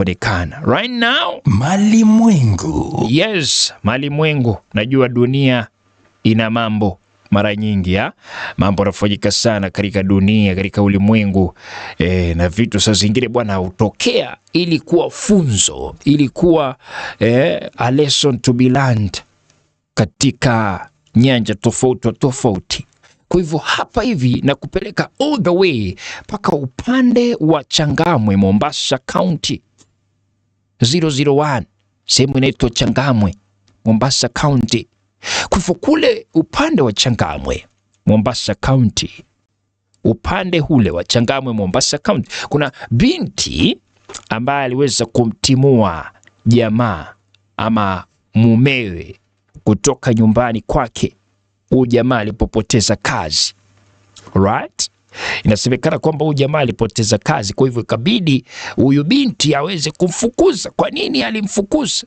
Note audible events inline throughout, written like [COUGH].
kuonekana Right now, malimwengu. Yes, malimwengu. Najua dunia ina mambo mara nyingi ya Mambo yanafanyika sana katika dunia, katika ulimwengu e, na vitu saa zingine bwana hutokea ili kuwa funzo, ili kuwa e, a lesson to be learned katika nyanja tofauti tofauti. Kwa hivyo hapa hivi na kupeleka all the way mpaka upande wa Changamwe, Mombasa County. 001 sehemu inaitwa Changamwe, Mombasa County. Kwa hivyo kule upande wa Changamwe, Mombasa County, upande ule wa Changamwe, Mombasa County, kuna binti ambaye aliweza kumtimua jamaa ama mumewe kutoka nyumbani kwake, huyu jamaa alipopoteza kazi right? Inasemekana kwamba huyu jamaa alipoteza kazi, kwa hivyo ikabidi huyu binti aweze kumfukuza. Kwa nini alimfukuza?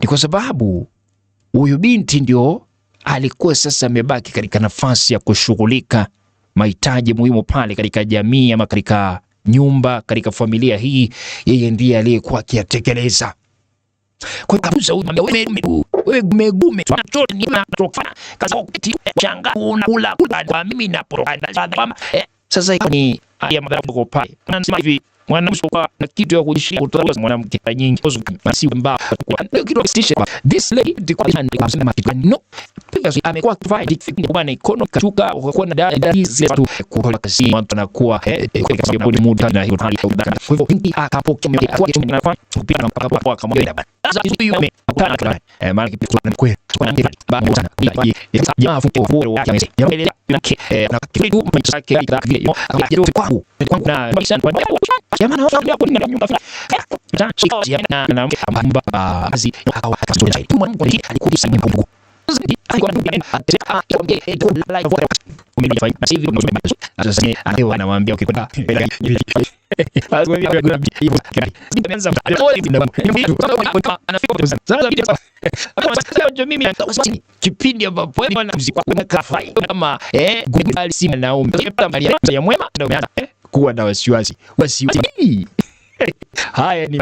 Ni kwa sababu huyu binti ndio alikuwa sasa amebaki katika nafasi ya kushughulika mahitaji muhimu pale katika jamii ama katika nyumba, katika familia hii, yeye ndiye aliyekuwa akiyatekeleza wewe gumegume sasa hivi mwanausokuwa na kitu ya kujishika kutoa mwanamke nyingi this lady kwa handi kabisa na kitu no because amekuwa akifanya dikfiki kwa na ikono kachuka kwa na dada hizi watu kutoka kazi mtu anakuwa eh, eh, kwa sababu ni muda na hiyo hali kwa hivyo hindi akapokea kwa kitu na kwa kupika na mpaka kwa kama ndio sasa kitu hiyo amekutana tu eh maana kitu kwa kweli kwa ndio baada sana ya jamaa fuko kwa ya mzee ya ile na kitu mtu sake kwa vile kwa kwa kwa kwa kipindi ambapo kama eh, Google simu na umbe ya mwema ndio umeanza eh kuwa na wasiwasi wasiwasi. [LAUGHS] Haya ni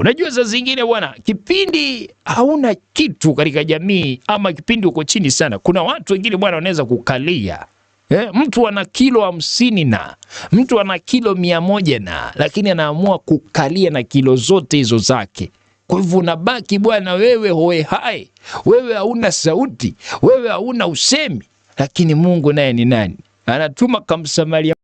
unajua, saa zingine bwana, kipindi hauna kitu katika jamii ama kipindi uko chini sana, kuna watu wengine bwana wanaweza kukalia Eh, mtu ana kilo hamsini na mtu ana kilo mia moja na lakini anaamua kukalia na kilo zote hizo zake. Kwa hivyo unabaki bwana wewe hoe hai, wewe hauna sauti, wewe hauna usemi, lakini Mungu naye ni nani? Anatuma kamsamaria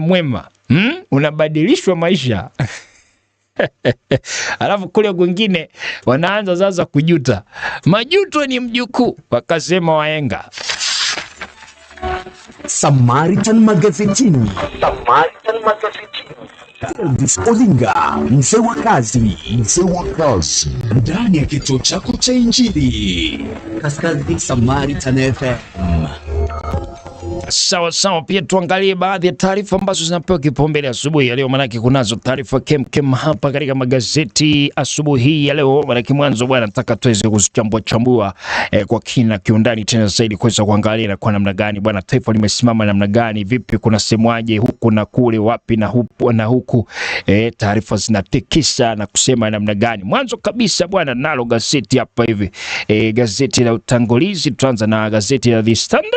mwema hmm? Unabadilishwa maisha [LAUGHS] alafu kule kwingine wanaanza sasa kujuta, majuto ni mjukuu, wakasema waenga. Samaritan Magazetini, Samaritan Magazetini. Elvis Olinga, mzee wa kazi, mzee wa kazi ndani ya kituo chako cha Injili, Kaskazini Samaritan FM. Sawa sawa, pia tuangalie baadhi ya taarifa ambazo zinapewa kipaumbele asubuhi ya leo, maanake kunazo taarifa kem kem hapa katika magazeti asubuhi hii ya leo. Maanake mwanzo bwana, nataka tuweze kuchambua chambua eh, kwa kina kiundani tena zaidi kuweza kuangalia na kwa namna gani bwana taifa limesimama namna gani, vipi, kuna semwaje huku na kule, wapi na huku na huku, eh, taarifa zinatikisa na kusema namna gani. Mwanzo kabisa bwana, nalo gazeti hapa hivi eh, gazeti la utangulizi, tutaanza na gazeti la The Standard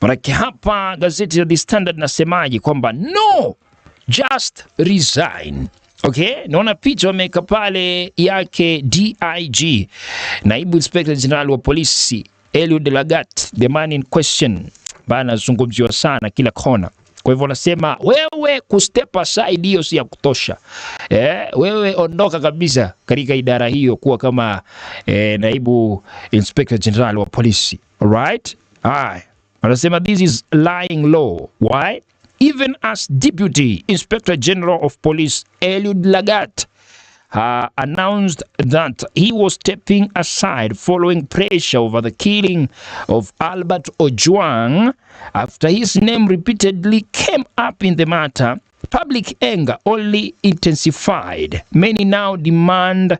maanake hapa hapa gazeti la The Standard nasemaje kwamba no just resign. Okay, naona picha wameweka pale yake DIG, naibu inspector general wa polisi Eliud Lagat, the man in question, bana anazungumziwa sana kila kona. Kwa hivyo wanasema wewe kustep aside hiyo si ya kutosha. Eh, wewe ondoka kabisa katika idara hiyo kuwa kama eh, naibu inspector general wa polisi. Alright? Haya. Anasema this is lying law. Why? Even as Deputy Inspector General of Police Eliud Lagat uh, announced that he was stepping aside following pressure over the killing of Albert Ojwang after his name repeatedly came up in the matter. Public anger only intensified. Many now demand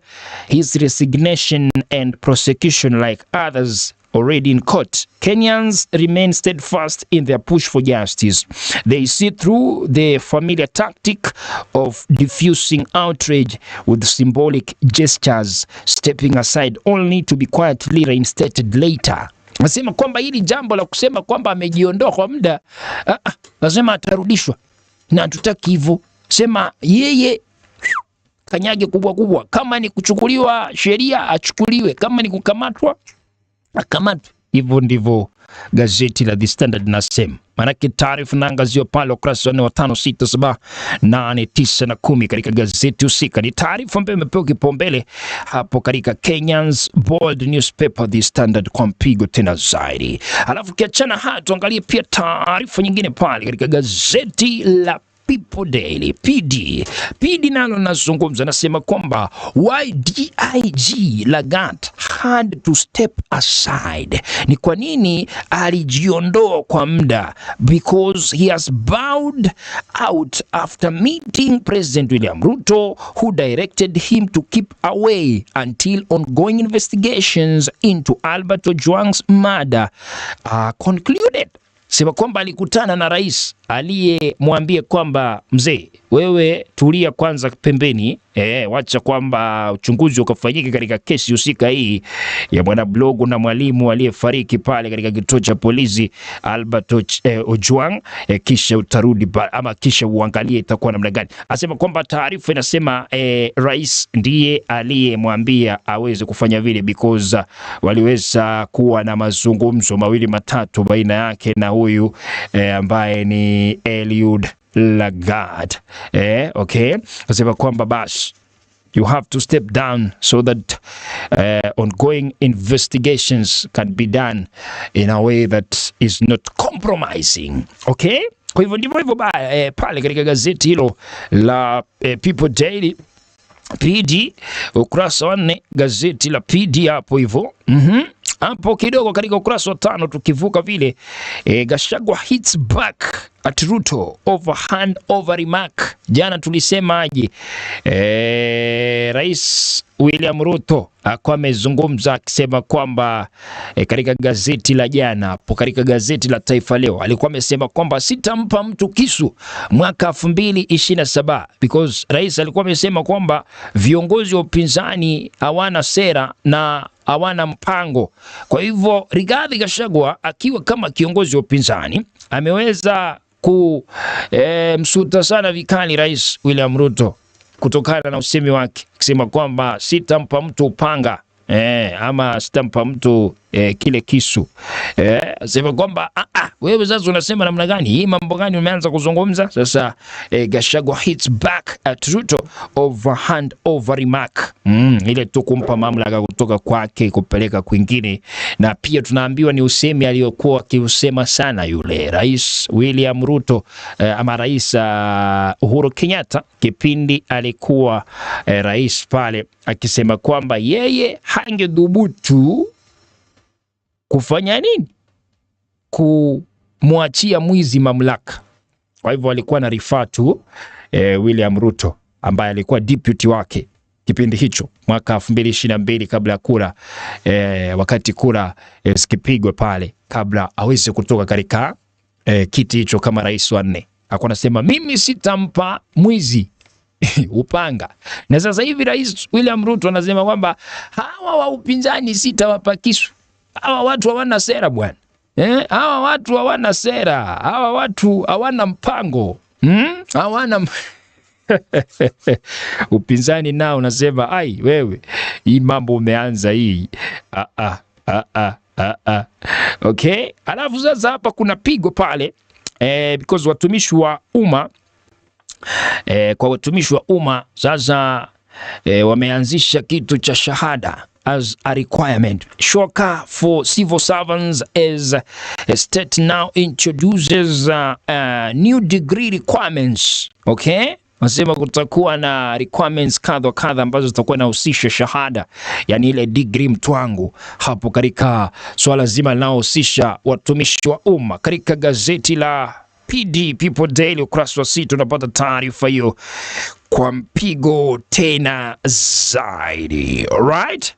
his resignation and prosecution like others already in court. Kenyans remain steadfast in their push for justice. They see through the familiar tactic of diffusing outrage with symbolic gestures, stepping aside only to be quietly reinstated later. Nasema kwamba hili jambo la kusema kwamba amejiondoa kwa muda, ah, ah, nasema atarudishwa na tutaki hivyo. Sema yeye kanyage kubwa kubwa, kama ni kuchukuliwa sheria achukuliwe, kama ni kukamatwa Kamat. Hivyo ndivyo gazeti la The Standard linasema, maanake taarifa inaangaziwa pale ukurasa wa nne, wa tano, sita, saba, nane, tisa na kumi katika gazeti husika. Ni taarifa ambayo imepewa kipaumbele hapo katika Kenyans Bold Newspaper The Standard kwa mpigo tena zaidi. Alafu kiachana haya, tuangalie pia taarifa nyingine pale katika gazeti la People Daily PD. PD nalo nazungumza, nasema kwamba why DIG Lagat had to step aside, ni kwa nini alijiondoa kwa muda, because he has bowed out after meeting President William Ruto who directed him to keep away until ongoing investigations into Albert Ojwang's murder are concluded sema kwamba alikutana na rais aliyemwambia kwamba mzee, wewe tulia kwanza pembeni, E, wacha kwamba uchunguzi ukafanyike katika kesi husika hii ya blogu na mwalimu aliyefariki pale katika kituo cha polisi Albert eh, Ojwang eh, kisha utarudi ama kisha uangalie itakuwa namna gani. Asema kwamba taarifa inasema eh, rais ndiye aliyemwambia aweze kufanya vile because waliweza kuwa na mazungumzo mawili matatu baina yake na huyu eh, ambaye ni Eliud la God. Eh, okay, asema kwamba basi you have to step down so that uh, ongoing investigations can be done in a way that is not compromising. Okay, kwa hivyo ndivyo hivyo eh, pale katika gazeti hilo la eh, People Daily PD ukurasa wa nne gazeti la PD hapo hivyo mm hapo kidogo katika ukurasa wa tano tukivuka vile e, eh, Gashagwa hits back at Ruto over hand over remark. Jana tulisemaje? E, eh, Rais William Ruto akawa amezungumza akisema kwamba e, katika gazeti la jana hapo katika gazeti la Taifa Leo alikuwa amesema kwamba sitampa mtu kisu mwaka 2027 because rais alikuwa amesema kwamba viongozi wa upinzani hawana sera na hawana mpango. Kwa hivyo Rigathi Gachagua akiwa kama kiongozi wa upinzani ameweza kumsuta eh, e, sana vikali Rais William Ruto kutokana na usemi wake akisema kwamba sitampa mtu upanga eh, ama sitampa mtu eh, kile kisu eh, sema kwamba ah, ah, wewe sasa unasema namna gani hii, mambo gani umeanza kuzungumza sasa eh, Gachagua hits back at Ruto over hand over remark. Mm, ile tu kumpa mamlaka kutoka kwake kupeleka kwingine, na pia tunaambiwa ni usemi aliyokuwa akiusema sana yule Rais William Ruto eh, ama Rais uh, Uhuru Kenyatta kipindi alikuwa eh, rais pale, akisema kwamba yeye hangedhubutu kufanya nini? Kumwachia mwizi mamlaka. Kwa hivyo alikuwa na rifaa tu e, William Ruto ambaye alikuwa deputy wake kipindi hicho mwaka 2022 kabla ya kura e, wakati kura e, eh, sikipigwe pale kabla aweze kutoka katika e, kiti hicho kama rais wa nne. Alikuwa anasema mimi sitampa mwizi [LAUGHS] upanga. Na sasa hivi Rais William Ruto anasema kwamba hawa wa upinzani sitawapa kisu. Hawa watu hawana sera bwana eh? Hawa watu hawana sera, hawa watu hawana mpango hmm? hawana [LAUGHS] upinzani nao unasema ai, wewe hii mambo umeanza hii ah, ah, ah, ah, ah, ah. Okay, alafu sasa hapa kuna pigo pale eh, because watumishi wa umma eh, kwa watumishi wa umma sasa eh, wameanzisha kitu cha shahada as a requirement. Shoka for civil servants as a state now introduces uh, uh, new degree requirements. Okay? Nasema kutakuwa na requirements kadha kadha ambazo zitakuwa inahusisha shahada, yani ile degree mtwangu hapo katika swala so zima linalohusisha watumishi wa umma. Katika gazeti la PD People Daily ukurasa wa sita unapata taarifa hiyo kwa mpigo tena zaidi. Alright,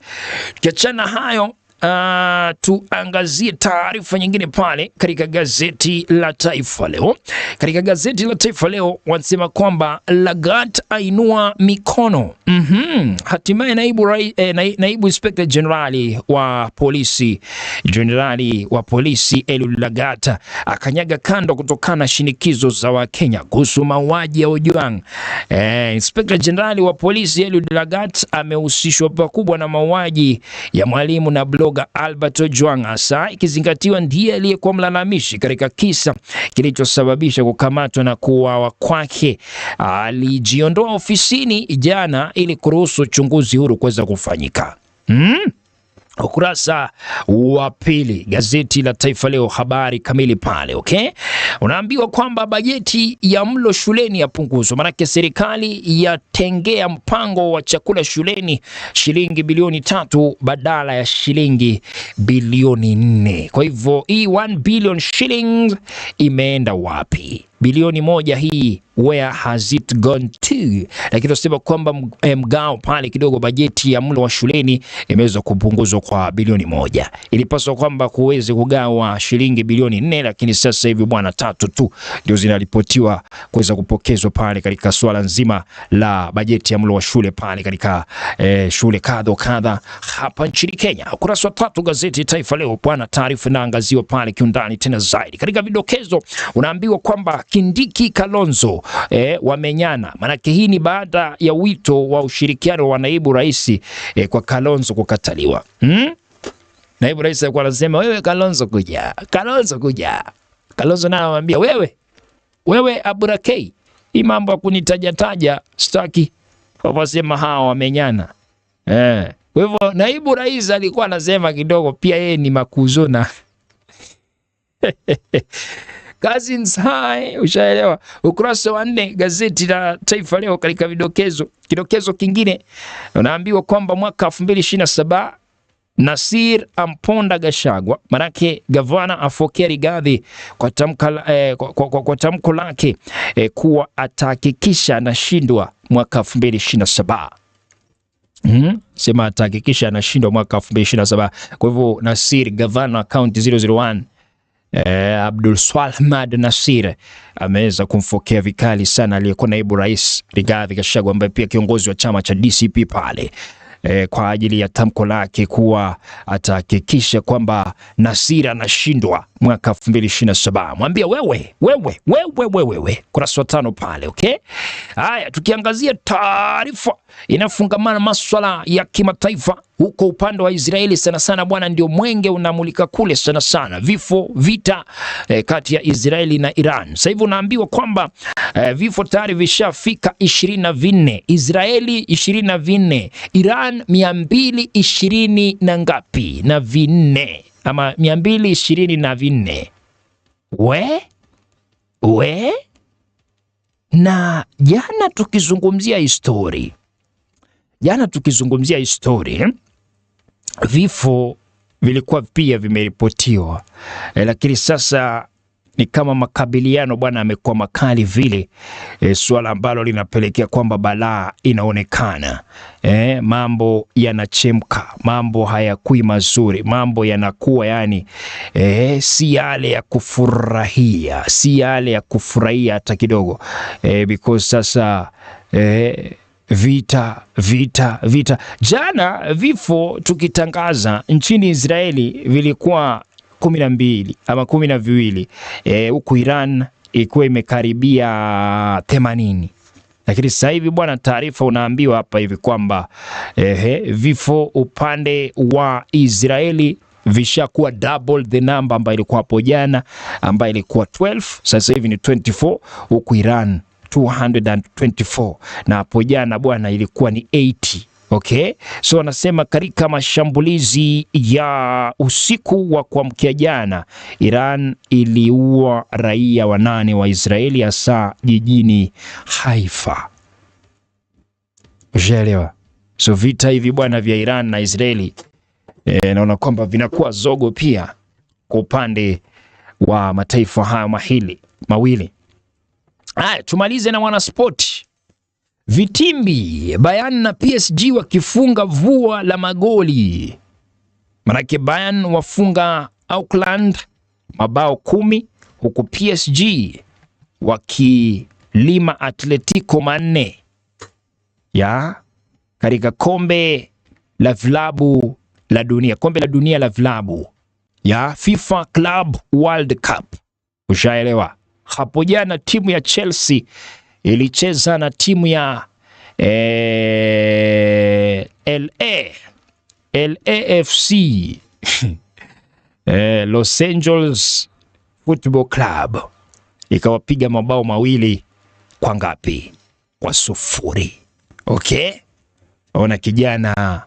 tukiachana hayo uh, tuangazie taarifa nyingine pale katika gazeti la Taifa Leo. Katika gazeti la Taifa Leo wanasema kwamba Lagat ainua mikono mm -hmm. Hatimaye naibu, rai, eh, naibu inspekta jenerali wa polisi jenerali wa polisi Elu Lagat akanyaga kando kutokana na shinikizo za Wakenya kuhusu mauaji ya Ojwang. Eh, inspekta jenerali wa polisi Elu Lagat amehusishwa pakubwa na mauaji ya mwalimu na blog Mboga Albert Ojwang, hasa ikizingatiwa ndiye aliyekuwa mlalamishi katika kisa kilichosababisha kukamatwa na kuuawa kwake. Alijiondoa ofisini jana ili kuruhusu uchunguzi huru kuweza kufanyika. Hmm? ukurasa wa pili gazeti la Taifa Leo, habari kamili pale. Okay, unaambiwa kwamba bajeti ya mlo shuleni yapunguzwa, maanake serikali yatengea mpango wa chakula shuleni shilingi bilioni tatu badala ya shilingi bilioni nne. Kwa hivyo hii 1 billion shillings imeenda wapi? bilioni moja hii where has it gone to? Lakini tunasema kwamba eh, mgao pale kidogo, bajeti ya mlo wa shuleni imeweza kupunguzwa kwa bilioni moja. Ilipaswa kwamba kuweze kugawa shilingi bilioni nne, lakini sasa hivi bwana, tatu tu ndio zinaripotiwa kuweza kupokezwa pale katika swala nzima la bajeti ya mlo wa shule pale katika eh, shule kadha kadha hapa nchini Kenya. Ukurasa wa tatu gazeti Taifa Leo bwana, taarifa inaangaziwa pale kiundani tena zaidi. Katika vidokezo unaambiwa kwamba Kindiki Kalonzo eh, wamenyana. Maanake hii ni baada ya wito wa ushirikiano wa naibu rais eh, kwa Kalonzo kukataliwa hmm? Naibu rais alikuwa anasema wewe Kalonzo kuja, Kalonzo kuja. Kalonzo naye anamwambia wewe, wewe Aburakei, hii mambo ya kunitajataja staki. Wakasema hawa wamenyana eh. Kwa hivyo naibu rais alikuwa anasema kidogo pia yeye ni makuzona [LAUGHS] [LAUGHS] Cousins, hai, ushaelewa. Ukurasa wa nne gazeti la Taifa Leo katika vidokezo, kidokezo kingine unaambiwa kwamba mwaka 2027 Nasir amponda Gashagwa, manake gavana afokea Rigathi kwa tamko eh, kwa, kwa, kwa tamko lake eh, kuwa atahakikisha anashindwa mwaka 2027. Mm Hmm. Sema atahakikisha anashindwa mwaka 2027. Kwa hivyo Nasir gavana kaunti 001 eh, Abdul Swalmad Nasir ameweza kumfokea vikali sana aliyekuwa naibu rais Rigathi Gachagua ambaye pia kiongozi wa chama cha DCP pale eh, kwa ajili ya tamko lake kuwa atahakikisha kwamba Nasir anashindwa mwaka 2027. Mwambie wewe wewe wewe wewe wewe, kurasa wa tano pale okay. Haya, tukiangazia taarifa inayofungamana maswala ya kimataifa huko upande wa Israeli sana sana, bwana, ndio mwenge unamulika kule sana sana, vifo vita eh, kati ya Israeli na Iran. Sasa hivi unaambiwa kwamba eh, vifo tayari vishafika ishirini na vinne, Israeli ishirini na vinne, Iran mia mbili ishirini na ngapi na vinne, ama mia mbili ishirini na vinne. We we, na jana tukizungumzia histori Jana tukizungumzia histori, vifo vilikuwa pia vimeripotiwa e, lakini sasa ni kama makabiliano bwana amekuwa makali vile e, suala ambalo linapelekea kwamba balaa inaonekana e, mambo yanachemka, mambo hayakui mazuri, mambo yanakuwa yani e, si yale ya kufurahia, si yale ya kufurahia hata kidogo e, because sasa e, vita, vita, vita. Jana vifo tukitangaza nchini Israeli vilikuwa kumi na mbili ama kumi na viwili e, huku e, Iran ikiwa imekaribia themanini lakini sasa hivi bwana, taarifa unaambiwa hapa hivi kwamba ehe, vifo upande wa Israeli vishakuwa double the number ambayo ilikuwa hapo jana, ambayo ilikuwa 12 sasa hivi ni 24 huku Iran 224 na hapo jana bwana ilikuwa ni 80. Okay, so wanasema katika mashambulizi ya usiku wa kuamkia jana, Iran iliua raia wanane wa Israeli hasa jijini Haifa. Ushaelewa? So vita hivi bwana vya Iran na Israeli e, naona kwamba vinakuwa zogo pia kwa upande wa mataifa haya mahili mawili. Haya, tumalize na mwanaspoti. Vitimbi, Bayern na PSG wakifunga vua la magoli. Manake Bayern wafunga Auckland mabao kumi huku PSG wakilima Atletico manne ya katika kombe la vilabu la dunia, kombe la dunia la vilabu ya FIFA Club World Cup. Ushaelewa? Hapo jana timu ya Chelsea ilicheza na timu ya eh, LA LAFC [LAUGHS] eh, Los Angeles Football Club ikawapiga mabao mawili kwa ngapi? Kwa sufuri. Okay, ona kijana